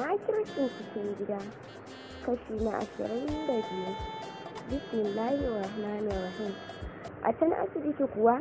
makircin cikin gida kashi na ashirin da biyu bismillahi rahmanir rahim a can asibiti kuwa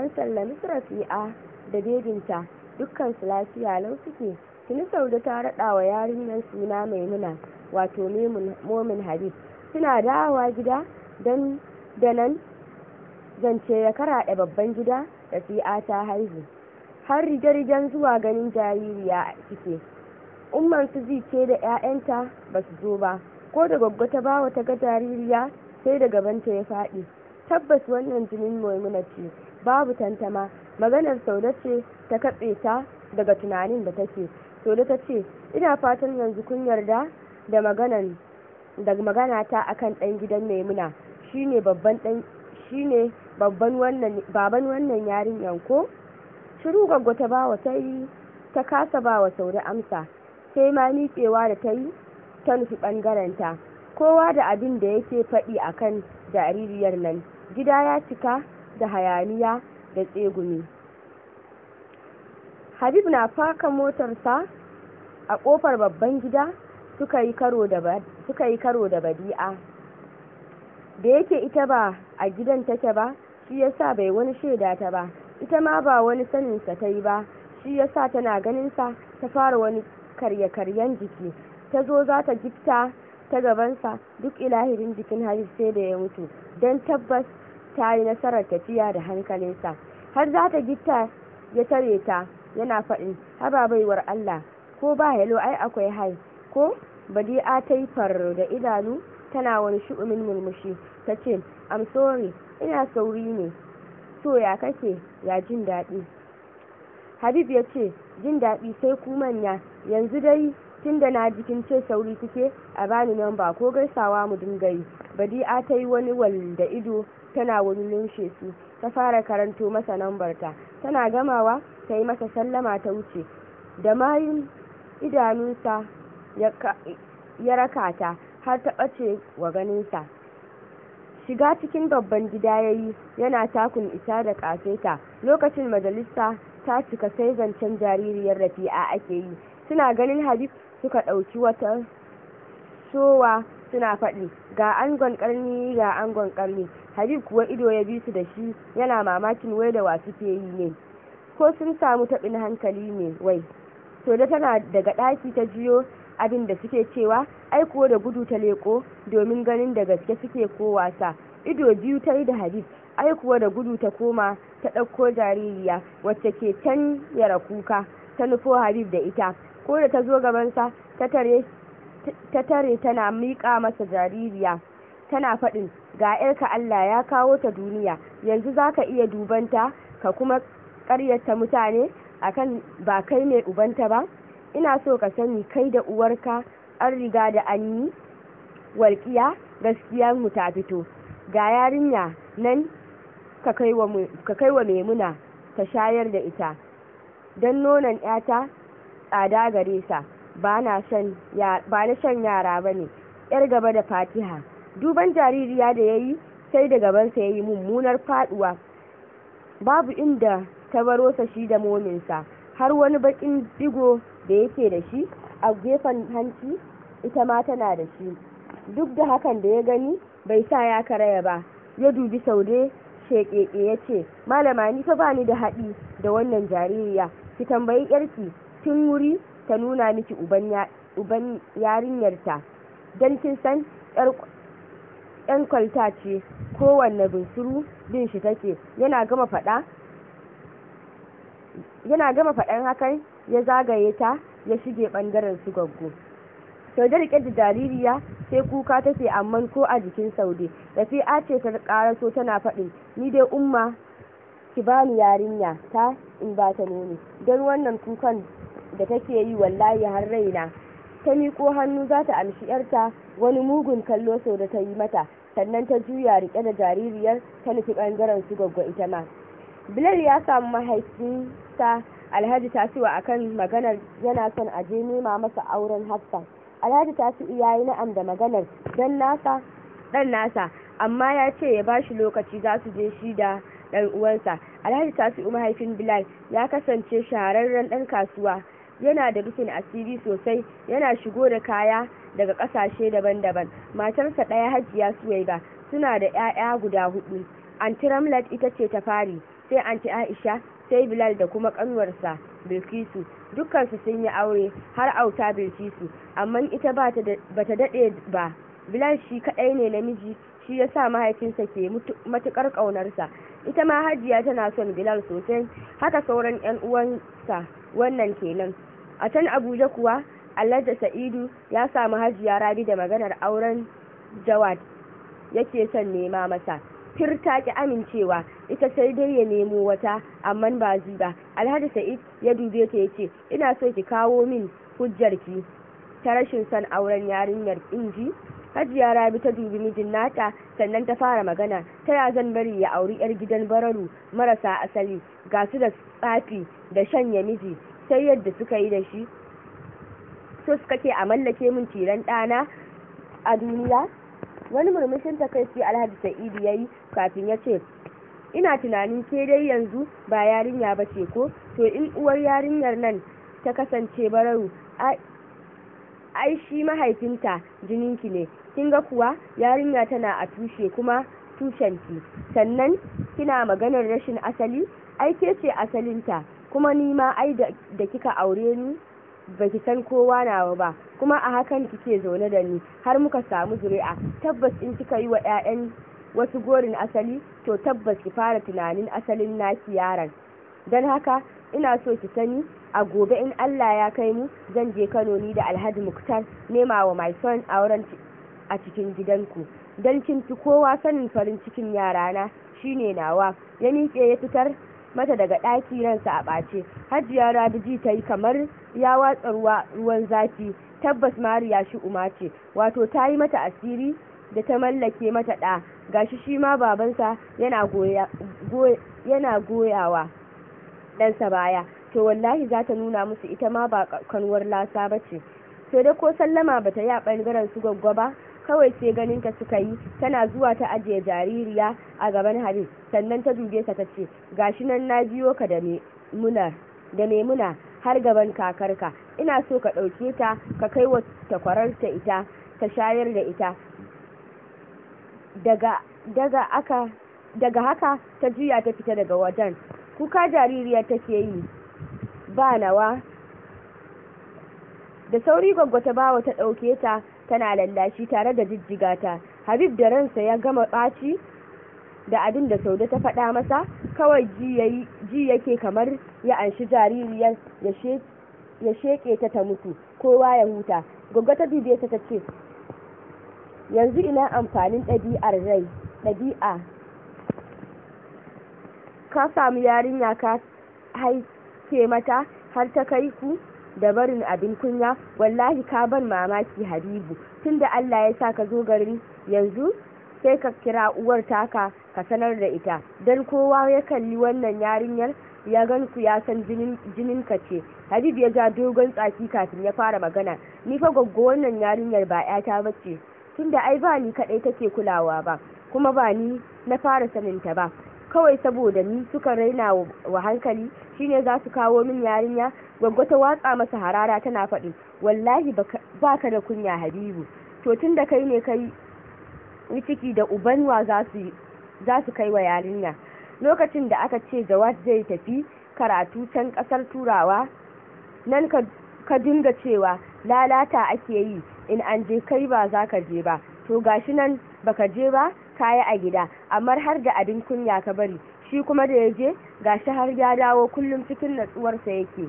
an sallami rafi'a da bebinta dukkan su lafiya lau suke tuni da ta raɗa wa yarinyar suna maimuna wato momin habib suna dawowa gida don da nan zance ya ɗa babban gida da rafi'a ta haihu har rige-rigen zuwa ganin jaririya ya cike umman su ji ce da 'ya'yanta ba su zo ba ko da gwaggo ta bawa ta ga jaririya sai da gabanta ya faɗi tabbas wannan jinin maimuna ce babu tantama maganar sauda ce ta katse ta daga tunanin da take sauda ta ce ina fatan yanzu kun yarda da maganan magana ta akan ɗan gidan maimuna shine babban ɗan babban wannan baban wannan yarinyan ko shiru gaggo ta bawa sai ta kasa bawa sauda amsa sai ma miƙewa da ta yi ta nufi ɓangarenta kowa da abin da yake faɗi a kan jaririyar nan gida ya cika da hayaniya da tsegumi habib na faka motarsa a ƙofar babban gida suka yi karo da badi'a da yake ita ba a gidan take ba shi ya sa bai wani shaida ta ba ita ma ba wani saninsa ta yi ba shi ya sa tana ganinsa ta fara wani karye-karyen jiki ta zo za ta jifta ta gabansa duk ilahirin jikin haris sai da ya mutu don tabbas ta yi nasarar tafiya da hankalinsa har za ta gita ya tare ta yana faɗin haba baiwar allah ko ba halo ai akwai hai ko badi'a ta yi farar da idanu tana wani shu'umin murmushi ta ce i'm sorry ina sauri ne so ya kake ya jin daɗi habib ya ce jin daɗi sai ku manya yanzu dai tun da na jikin ce sauri suke a bani nan ko gaisawa mu dinga yi badi'a ta yi wani wal da ido tana wani lunshe su ta fara karanto masa nambarta tana gamawa ta yi masa sallama ta wuce da mayun idanunsa ya raka ta har ta ɓace wa ganinsa shiga cikin babban gida ya yi yana takun isa da ƙaseta lokacin majalisa ta cika sai zancen jaririyar rafi'a ake yi suna ganin habib suka ɗauki wata sowa suna faɗi ga angon ƙarni ga angon ƙarni habib kuwa ido ya bi su da shi yana mamakin wai da wasu ke yi ne ko sun samu taɓin hankali ne wai to da tana daga ɗaki ta jiyo abin da suke cewa aiko da gudu ta leko domin ganin da gaske suke ko wasa ido biyu ta yi da habib aikuwa da gudu ta koma ta ɗauko jaririya wacce ke can yara kuka ta nufo habib da ita ko da ta zo gabansa ta tare tana miƙa masa jaririya tana faɗin ga yarka Allah ya kawo ta duniya yanzu za ka iya dubanta ka kuma ƙaryata mutane akan ba kai mai ubanta ba ina so ka sani kai da uwarka an riga da an yi walƙiya gaskiyar mu ta fito ga yarinya nan ka kai wa maimuna ta shayar da ita don nonon yata tsada gare sa ba na shan yara ba ne yar gaba da fatiha duban jaririya da ya yi sai da gabansa ya yi mummunar faduwa babu inda ta baro sa shi da mominsa har wani bakin digo da yake da shi a gefen hanci ita ma tana da shi duk da hakan da ya gani bai sa ya karaya ba ya dubi saude sheƙeƙe ya ce malama ni fa bani da haɗi da wannan jaririya ki tambayi yarki tun wuri ta nuna miki uban yarinyarta don kin san yan kwalta ce kowanne bunsuru bin shi take yana gama faɗa yana gama faɗan hakan ya zagaye ta ya shige ɓangaren su gaggo saude rike da jaririya sai kuka take amma ko a jikin saude a ce ta karaso tana faɗin ni dai umma ki bani yarinya ta in ba ta nuni don wannan kukan da take yi wallahi har raina ta miƙo hannu za ta amshi wani mugun kallo sau da ta yi mata sannan ta juya riƙe da jaririyar ta nufi ɓangaren su gwaggwa ita ma bilal ya samu mahaifinsa alhaji tasiwa akan maganar yana son aje nema masa auren hafsa alhaji tasi'u ya yi na'am da maganar dan nasa dan nasa amma ya ce ya ba shi lokaci za su je shi da dan uwansa alhaji tasi'u mahaifin bilal ya kasance shahararren ɗan kasuwa yana da rufin asiri sosai yana shigo da kaya daga kasashe daban-daban matarsa ɗaya hajiya suwaiba suna da 'ya'ya guda hudu anti ramlat ita ce ta fari sai anti aisha sai bilal da kuma ƙanwarsa bilkisu dukkansu sun yi aure har auta bilkisu amma ita ba ta daɗe ba bilal shi kaɗai ne namiji shi ya sa mahaifinsa ke matuƙar ƙaunarsa ita ma hajiya tana son bilal sosai haka sauran 'yan uwansa wannan kenan a can abuja kuwa alhaji sa'idu ya samu hajiya rabi da maganar auren jawad yake son nema masa firta ki amincewa ita sai dai ya nemo wata amma ba zi ba alhaji sa'id ya dube ta yace ina so ki kawo min hujjarki ta rashin son auren yarinyar inji hajiya rabi ta dubi mijin nata sannan ta fara magana ta ya zan bari ya auri yar gidan bararu marasa asali ga su da tsafi da shanya miji sai yadda suka yi da shi so suka ke a mallake min tiran ɗana a duniya wani murmushin takaici alhaji sa'idu ya yi kafin ya ce ina tunanin ke dai yanzu ba yarinya ba ce ko to in uwar yarinyar nan ta kasance bararu ai shi mahaifinta jininki ne kin ga kuwa yarinya tana a tushe kuma tushenki sannan kina maganar rashin asali ai ke ce asalinta kuma nima ai da kika aure ni baki san kowa nawa ba kuma a hakan kike zaune da ni har muka samu zuri'a tabbas in kika yi wa 'ya'yan wasu gorin asali to tabbas ki fara tunanin asalin naki yaran don haka ina so ki sani a gobe in Allah ya kai mu zan je Kano ni da Alhaji Muktar nema wa my son auren a cikin gidanku don kin kowa sanin farin cikin yarana shine nawa ya miƙe ya fitar mata daga ɗaki ransa a ɓace hajiya rabiji ta yi kamar ya watsa ruwan zafi tabbas mariya shi uma ce wato ta yi mata asiri da ta mallake mata ɗa gashi shi ma babansa yana goyawa ɗansa baya to wallahi za ta nuna musu ita ma ba kanuwar lasa ba ce sai dai ko sallama bata yi a ɓangaren su gwaggwa ba kawai sai ganin suka yi tana zuwa ta ajiye jaririya a gaban hari sannan ta dube ta tace gashi nan na biyo ka da muna da maimuna har gaban kakarka ina so ka ɗauke ta ka kai wa takwararta ita ta shayar da ita daga daga aka daga haka ta juya ta fita daga wajen kuka jaririyar take yi ba nawa da sauri gwaggwata bawa ta ɗauke ta tana lallashi tare da jijjigata habib da ransa ya gama ɓaci da abin da saude ta faɗa masa kawai ji yake kamar ya anshi jaririyar ya sheƙe ta ta mutu kowa ya huta goggo ta dubiye ta ta ce yanzu ina amfanin ɗabi'ar rai ɗabi'a ka samu yarinya ka haike mata har ta kai ku da barin abin kunya wallahi ka ban mamaki habibu tunda allah ya sa ka zo garin yanzu sai ka kira uwar taka ka sanar da ita dan kowa ya kalli wannan yarinyar ya gan ku ya san jinin ka ce habib ya ja dogon tsaki kafin ya fara magana ni fa goggo wannan yarinyar ba yata bace tunda ai ba ni kadai take kulawa ba kuma ba ni na fara sanin ta ba kawai saboda ni suka raina wa hankali shine za su kawo min yarinya gwaggo ta watsa masa harara tana faɗi wallahi ba ka da kunya habibu to tun da kai ne kai yi ciki da ubanwa za su kai wa yarinya lokacin da aka ce jawad zai tafi karatu can kasar turawa nan ka dinga cewa lalata ake yi in an je kai ba za ka je ba to gashi nan baka je ba yi a gida amma har da abin kunya ka bari shi kuma da ya je gashi har ya dawo kullum cikin natsuwarsa yake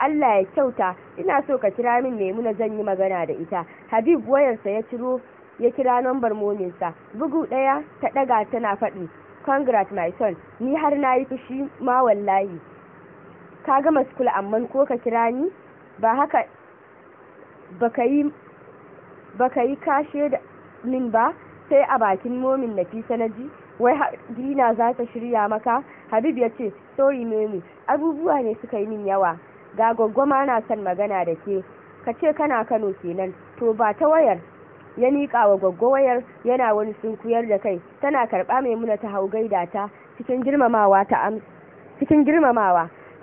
Allah ya kyauta ina so ka kira min Maimuna zan yi magana da ita Habib wayarsa ya ciro ya kira nambar mominsa bugu ɗaya ta ɗaga tana faɗi congrats my son ni har na yi fushi ma wallahi ka gama school amman ko ka kira ni ba haka baka yi baka yi kashe da min ba sai a bakin momin nafisa na ji wai dina za ta shirya maka habib ya ce sorry memi abubuwa ne suka yi min yawa ga gwaggwama na son magana da ke ka ce kana kano kenan to ba ta wayar ya miƙa wa gwaggo wayar yana wani sunkuyar da kai tana karɓa maimuna ta hau gaida ta cikin girmamawa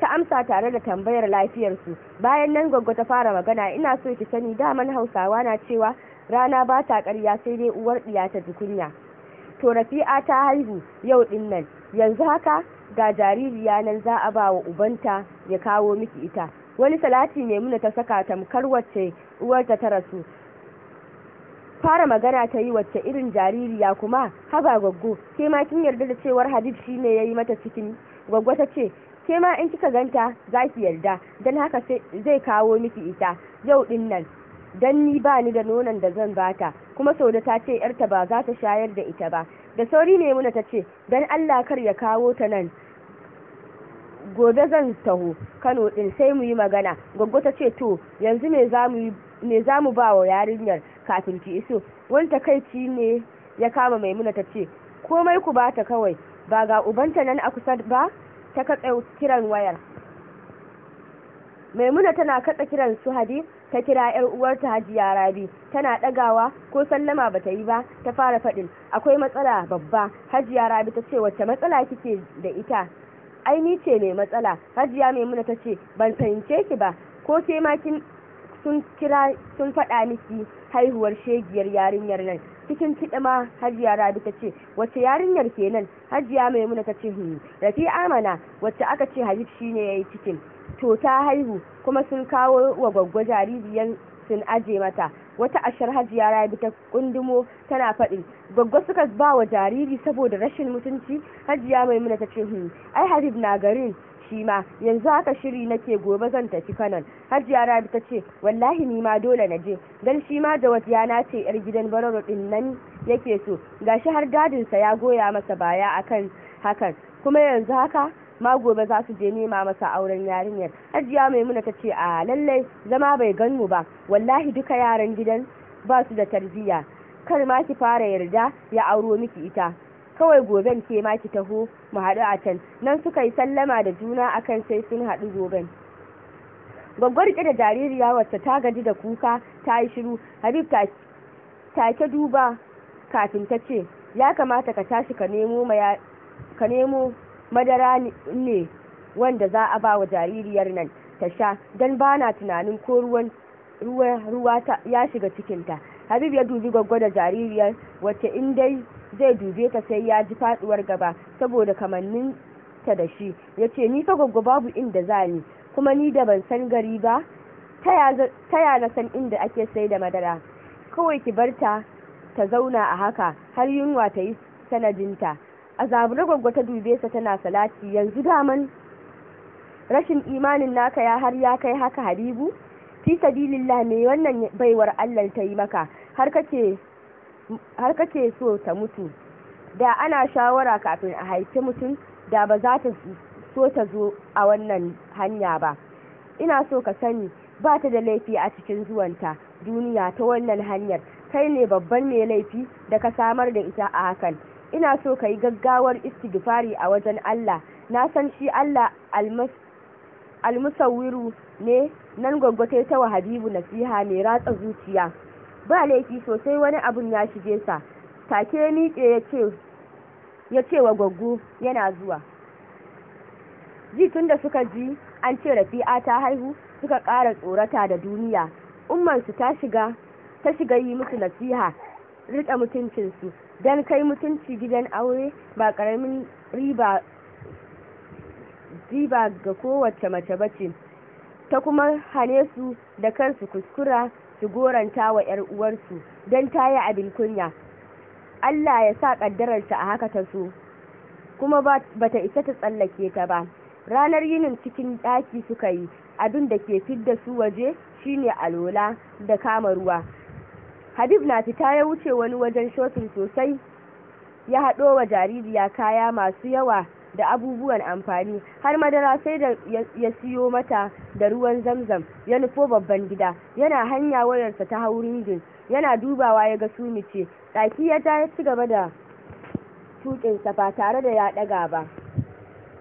ta amsa tare da tambayar lafiyarsu bayan nan gwaggo ta fara magana ina so ki sani daman hausawa na cewa rana ba ta ƙarya sai dai uwar ɗiya ta jikunya to rafi'a ta haihu yau ɗin nan yanzu haka ga jaririya nan za a ba wa ubanta ya kawo miki ita wani salati maimuna ta saka tamkar wacce uwarta ta rasu fara magana ta yi wacce irin jaririya kuma haba gwaggo ke ma kin yarda da cewar habib shine ya yi mata cikin gwaggo ta ce ke ma in kika ganta za ki yarda don haka zai kawo miki ita yau din dan ni ba ni da nonon da zan bata kuma sauda ta ce yarta ba za ta shayar da ita ba da sauri maimuna ta ce dan allah kar ya kawo ta nan gobe zan taho kano din sai mu yi magana gwaggo ta ce to yanzu me za mu ba wa yarinyar kafin ki iso wani takaici ne ya kama maimuna ta ce komai ku ba ta kawai ba ga ubanta nan a kusa ba ta katse kiran wayar maimuna tana katse kiran su hadi ta kira yar uwarta hajiya rabi tana ɗagawa ko sallama bata yi ba ta fara faɗin akwai matsala babba hajiya rabi ta ce wacce matsala kike da ita ai ni ce mai matsala hajiya maimuna ta ce ban fahimce ki ba ko ke ma kin sun kira sun fada miki haihuwar shegiyar yarinyar nan cikin ma hajiya rabi ta ce wacce yarinyar kenan hajiya maimuna ta ce hmm, rafi amana wacce aka ce habib shine yayi cikin to ta haihu kuma sun kawo wa gwaggwa jaririyan sun aje mata wata ashar hajiya rabi ta kundumo tana faɗi. gwaggwa suka ba wa jariri saboda rashin mutunci hajiya maimuna ta ce hmm, ai habib na garin shi ma yanzu haka shiri nake gobe zan tafi kanan hajiya rabi ta ce wallahi ni ma dole na je dan shi ma jawat ya ce yar gidan bararo din nan yake so Ga shi har dadinsa ya goya masa baya akan hakan kuma yanzu haka ma gobe za su je nema masa auren yarinyar hajiya maimuna ta ce a lallai zama bai ganmu ba wallahi duka yaran gidan ba su da tarbiyya kar ma ki fara yarda ya auro miki ita kawai goben ke ma ki taho mu haɗu a can nan suka yi sallama da juna akan sai sun haɗu goben gwaggwar riƙe da jaririya wacce ta gaji da kuka ta yi shiru habib take duba kafin ta ce ya kamata ka tashi ka nemo madara ne wanda za a ba wa jaririyar nan ta sha don ba na tunanin ko ruwan ruwa ya shiga cikinta habib ya dubi da jaririyar wacce in dai zai dube ta sai ya ji faduwar gaba saboda kamannin ta da shi ya ce ni fa gwaggo babu inda za ni kuma ni da ban san gari ba ta ya na san inda ake sai da madara kawai ki bar ta ta zauna a haka har yunwa ta yi sanadinta a zaburi gwaggwa ta dube sa tana salati yanzu daman rashin imanin naka ya har ya kai haka habibu fi sabilillah me wannan baiwar Allah ta yi maka har kake har kake so ta mutu da ana shawara kafin a haifi mutum da ba za ta so ta zo a wannan hanya ba ina so ka sani ba ta da laifi a cikin zuwanta duniya ta wannan hanyar kai ne babban mai laifi da ka samar da ita a hakan ina so ka yi gaggawar istighfari a wajen Allah na san shi Allah almusawiru ne nan gwagwate ta wa habibu nasiha mai ratsa zuciya ba laifi sosai wani abun ya shige sa take miƙe ya ce wa gwaggo yana zuwa ji tun da suka ji an ce rafi'a ta haihu suka ƙara tsorata da duniya ummarsu ta shiga ta shiga yi musu nasiha rika mutuncinsu don kai mutunci gidan aure ba karamin riba riba ga kowace mace bace ta kuma hane su da kansu kuskura su goranta wa 'yar uwarsu don ta yi abin kunya Allah ya sa ta a haka ta so kuma ba ta isa ta tsallake ta ba ranar yinin cikin ɗaki suka yi abin da ke fidda su waje shine alola da kama ruwa habib na fita ya wuce wani wajen shopping sosai ya haɗo wa jaririya kaya masu yawa da abubuwan amfani har madara sai da ya siyo mata da ruwan zamzam ya nufo babban gida yana hanya wayarsa ta haurin jin yana dubawa ya ga su ce tsaki ya ja ya ci gaba da tuƙinsa ba tare da ya ɗaga ba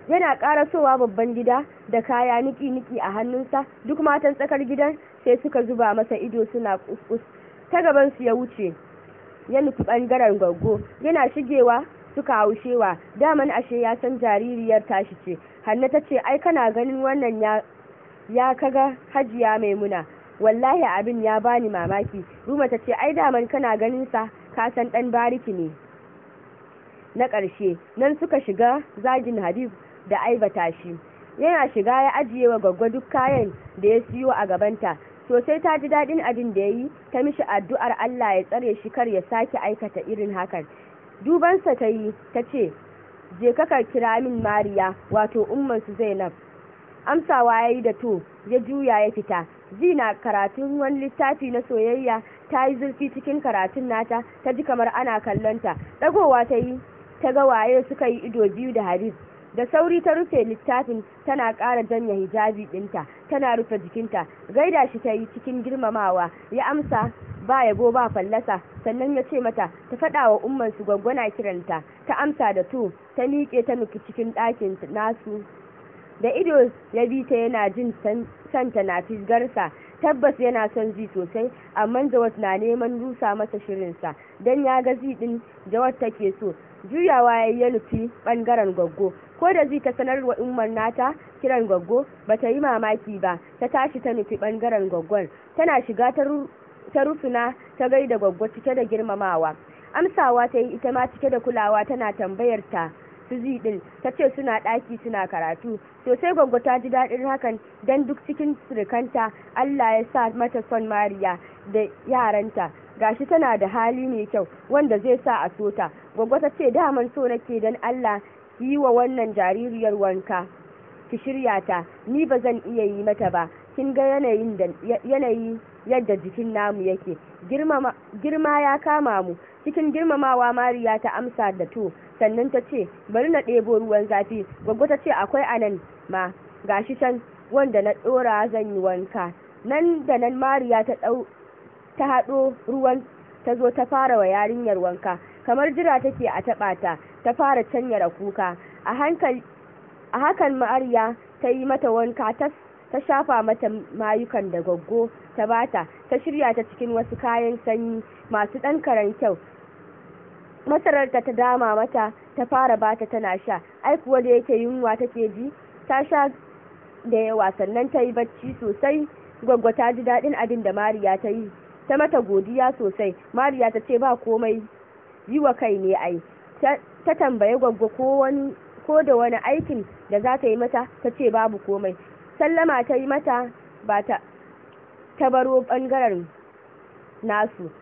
yana ƙarasowa babban gida da kaya niki-niki a hannunsa duk matan tsakar gidan sai suka zuba masa ido suna kuskus ta gaban su ya wuce ya nufi ɓangaren gargo yana shigewa suka haushewa daman ashe ya san jaririyar tashi ce hannu ta ce ai kana ganin wannan ya kaga hajiya maimuna wallahi abin ya bani mamaki ruma ta ce ai daman kana ganin sa kasan san dan bariki ne na ƙarshe nan suka shiga zagin habib da aibata shi yana shiga ya ajiye wa gwaggwa duk kayan da ya siyo a gabanta sosai ta ji daɗin abin da ya yi ta mishi addu'ar Allah ya tsare shi kar ya sake aikata irin hakan dubansa ta yi ta ce je ka kira min mariya wato su zainab amsawa ya yi da to ya juya ya fita zina karatun wani littafi na soyayya ta yi zurfi cikin karatun nata ta ji kamar ana kallonta ɗagowa ta yi ta ga waye suka yi ido biyu da hadith da sauri ta rufe littafin tana ƙara janya hijabi ɗinta tana rufe jikinta gaida shi ta yi cikin girmamawa ya amsa ba yabo ba fallasa sannan ya ce mata ta faɗa wa umman su gwaggwana kiranta ta amsa da tu ta miƙe ta nufi cikin ɗakin nasu da ido ya bi ta yana jin santa na fisgarsa tabbas yana son ji sosai amma jawas na neman rusa masa shirinsa don ya ga zidin jawad take so juyawa ya yi nufi ɓangaren gwaggo ko da zai ta sanar wa umar nata kiran gwaggo ba ta yi mamaki ba ta tashi ta nufi ɓangaren gwaggon tana shiga ta rusuna ta gaida gwaggo cike da girmamawa amsawa ta yi ita ma cike da kulawa tana tambayar ta masu din ta ce suna ɗaki suna karatu to sai gwaggo ta ji daɗin hakan dan duk cikin surukanta Allah ya sa mata son Mariya da yaranta gashi tana da hali mai kyau wanda zai sa a sota gwaggo ta ce daman so nake dan Allah yi wa wannan jaririyar wanka ki shirya ta ni ba zan iya yi mata ba kin ga yanayin da yanayi yadda jikin namu yake girma ya kama mu cikin girmamawa mariya ta amsa da to sannan ta ce bari na ɗebo ruwan zafi gwaggo ta ce akwai anan ma gashi can wanda na ɗora zan yi wanka nan da nan mariya ta ɗau ta haɗo ruwan ta zo ta fara wa yarinyar wanka kamar jira take a taɓa ta ta fara canyara kuka a hankali a hakan mariya ta yi mata wanka tas ta shafa mata mayukan da gaggo ta bata ta shirya ta cikin wasu kayan sanyi masu ɗan karan kyau masarar ta ta dama mata ta fara bata tana sha ai kuwa da yake yunwa take ji ta sha da yawa sannan ta yi bacci sosai gwaggwa ta ji daɗin abin da mariya ta yi ta mata godiya sosai mariya ta ce ba komai yi wa kai ne ai ta tambaye gwaggwa ko da wani aikin da za ta yi mata ta ce babu komai sallama ta yi mata ba ta baro ɓangaren nasu